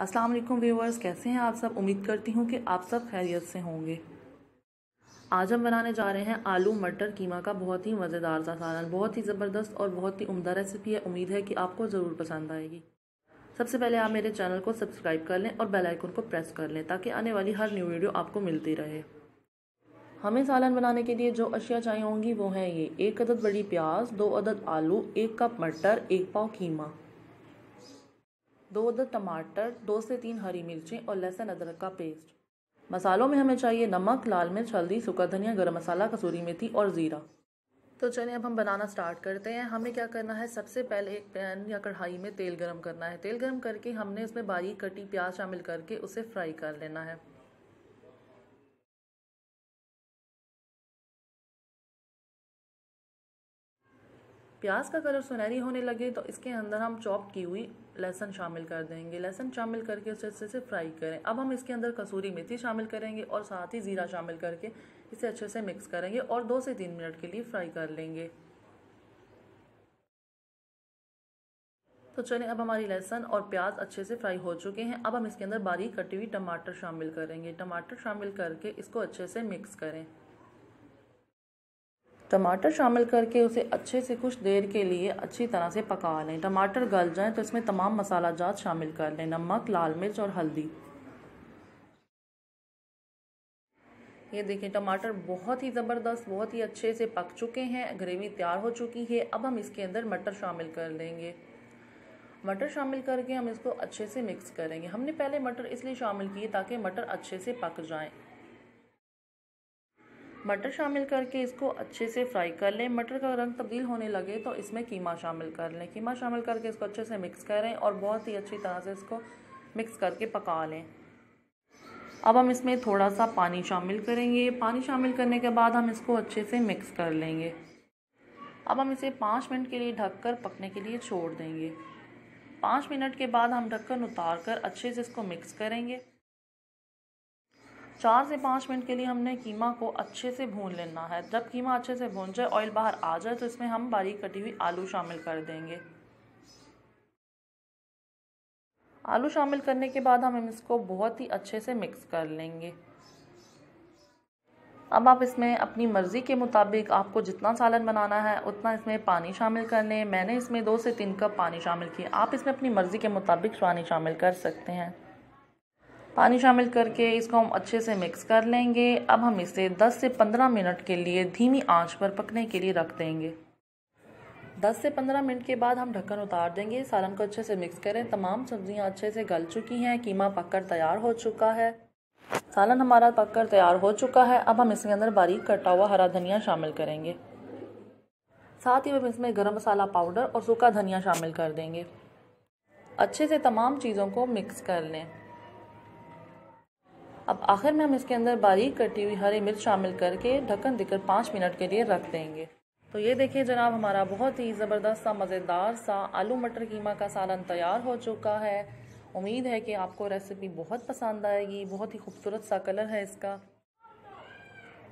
अस्सलाम वालेकुम व्यूवर्स कैसे हैं आप सब उम्मीद करती हूँ कि आप सब खैरियत से होंगे आज हम बनाने जा रहे हैं आलू मटर कीमा का बहुत ही मज़ेदार सा सालन बहुत ही ज़बरदस्त और बहुत ही उम्दा रेसिपी है उम्मीद है कि आपको ज़रूर पसंद आएगी सबसे पहले आप मेरे चैनल को सब्सक्राइब कर लें और बेल आइकन को प्रेस कर लें ताकि आने वाली हर न्यू वीडियो आपको मिलती रहे हमें सालन बनाने के लिए जो अशिया चाहिए होंगी वो हैं ये एक अदद बड़ी प्याज दो अदद आलू एक कप मटर एक पाव कीमा दो द टमाटर दो से तीन हरी मिर्चें और लहसुन अदरक का पेस्ट मसालों में हमें चाहिए नमक लाल मिर्च हल्दी सूखा धनिया गर्म मसाला कसूरी मेथी और ज़ीरा तो चलिए अब हम बनाना स्टार्ट करते हैं हमें क्या करना है सबसे पहले एक पैन या कढ़ाई में तेल गरम करना है तेल गरम करके हमने उसमें बारीक कटी प्याज शामिल करके उसे फ्राई कर लेना है प्याज का कलर सुनहरी होने लगे तो इसके अंदर हम चॉप की हुई लहसन शामिल कर देंगे लहसन शामिल करके उसे अच्छे से फ्राई करें अब हम इसके अंदर कसूरी मेथी शामिल करेंगे और साथ ही ज़ीरा शामिल करके इसे अच्छे से मिक्स करेंगे और दो से तीन मिनट के लिए फ्राई कर लेंगे तो चलें अब हमारी लहसन और प्याज अच्छे से फ्राई हो चुके हैं अब हम इसके अंदर बारीक कटी हुई टमाटर शामिल करेंगे टमाटर शामिल करके इसको अच्छे से मिक्स करें टमाटर शामिल करके उसे अच्छे से कुछ देर के लिए अच्छी तरह से पका लें टमाटर गल जाए तो इसमें तमाम मसाला जात शामिल कर लें नमक लाल मिर्च और हल्दी ये देखें टमाटर बहुत ही ज़बरदस्त बहुत ही अच्छे से पक चुके हैं ग्रेवी तैयार हो चुकी है अब हम इसके अंदर मटर शामिल कर लेंगे मटर शामिल करके हम इसको अच्छे से मिक्स करेंगे हमने पहले मटर इसलिए शामिल किए ताकि मटर अच्छे से पक जाएं मटर शामिल करके इसको अच्छे से फ्राई कर लें मटर का रंग तब्दील होने लगे तो इसमें कीमा शामिल कर लें कीमा शामिल करके इसको अच्छे से मिक्स करें और बहुत ही अच्छी तरह से इसको मिक्स करके पका लें अब हम इसमें थोड़ा सा पानी शामिल करेंगे पानी शामिल करने के बाद हम इसको अच्छे से मिक्स कर लेंगे अब हम इसे पाँच मिनट के लिए ढककर पकने के लिए छोड़ देंगे पाँच मिनट के बाद हम ढक्कन उतार कर अच्छे से इसको मिक्स करेंगे चार से पाँच मिनट के लिए हमने कीमा को अच्छे से भून लेना है जब कीमा अच्छे से भून जाए ऑयल बाहर आ जाए तो इसमें हम बारीक कटी हुई आलू शामिल कर देंगे आलू शामिल करने के बाद हम इसको बहुत ही अच्छे से मिक्स कर लेंगे अब आप इसमें अपनी मर्ज़ी के मुताबिक आपको जितना सालन बनाना है उतना इसमें पानी शामिल कर लें मैंने इसमें दो से तीन कप पानी शामिल किया आप इसमें अपनी मर्ज़ी के मुताबिक पानी शामिल कर सकते हैं पानी शामिल करके इसको हम अच्छे से मिक्स कर लेंगे अब हम इसे 10 से 15 मिनट के लिए धीमी आंच पर पकने के लिए रख देंगे 10 से 15 मिनट के बाद हम ढक्कन उतार देंगे सालन को अच्छे से मिक्स करें तमाम सब्जियां अच्छे से गल चुकी हैं कीमा पककर तैयार हो चुका है सालन हमारा पककर तैयार हो चुका है अब हम इसके अंदर बारीक कटा हुआ हरा धनिया शामिल करेंगे साथ ही हम इसमें गर्म मसाला पाउडर और सूखा धनिया शामिल कर देंगे अच्छे से तमाम चीज़ों को मिक्स कर लें अब आखिर में हम इसके अंदर बारीक कटी हुई हरी मिर्च शामिल करके ढक्कन देकर पाँच मिनट के लिए रख देंगे तो ये देखिए जनाब हमारा बहुत ही ज़बरदस्त सा मज़ेदार सा आलू मटर कीमा का सालन तैयार हो चुका है उम्मीद है कि आपको रेसिपी बहुत पसंद आएगी बहुत ही खूबसूरत सा कलर है इसका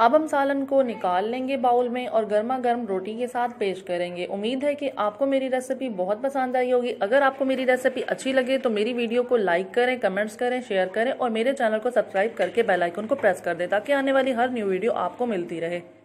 अब हम सालन को निकाल लेंगे बाउल में और गर्मा गर्म रोटी के साथ पेश करेंगे उम्मीद है कि आपको मेरी रेसिपी बहुत पसंद आई होगी अगर आपको मेरी रेसिपी अच्छी लगे तो मेरी वीडियो को लाइक करें कमेंट्स करें शेयर करें और मेरे चैनल को सब्सक्राइब करके बेलाइकन को प्रेस कर दें ताकि आने वाली हर न्यू वीडियो आपको मिलती रहे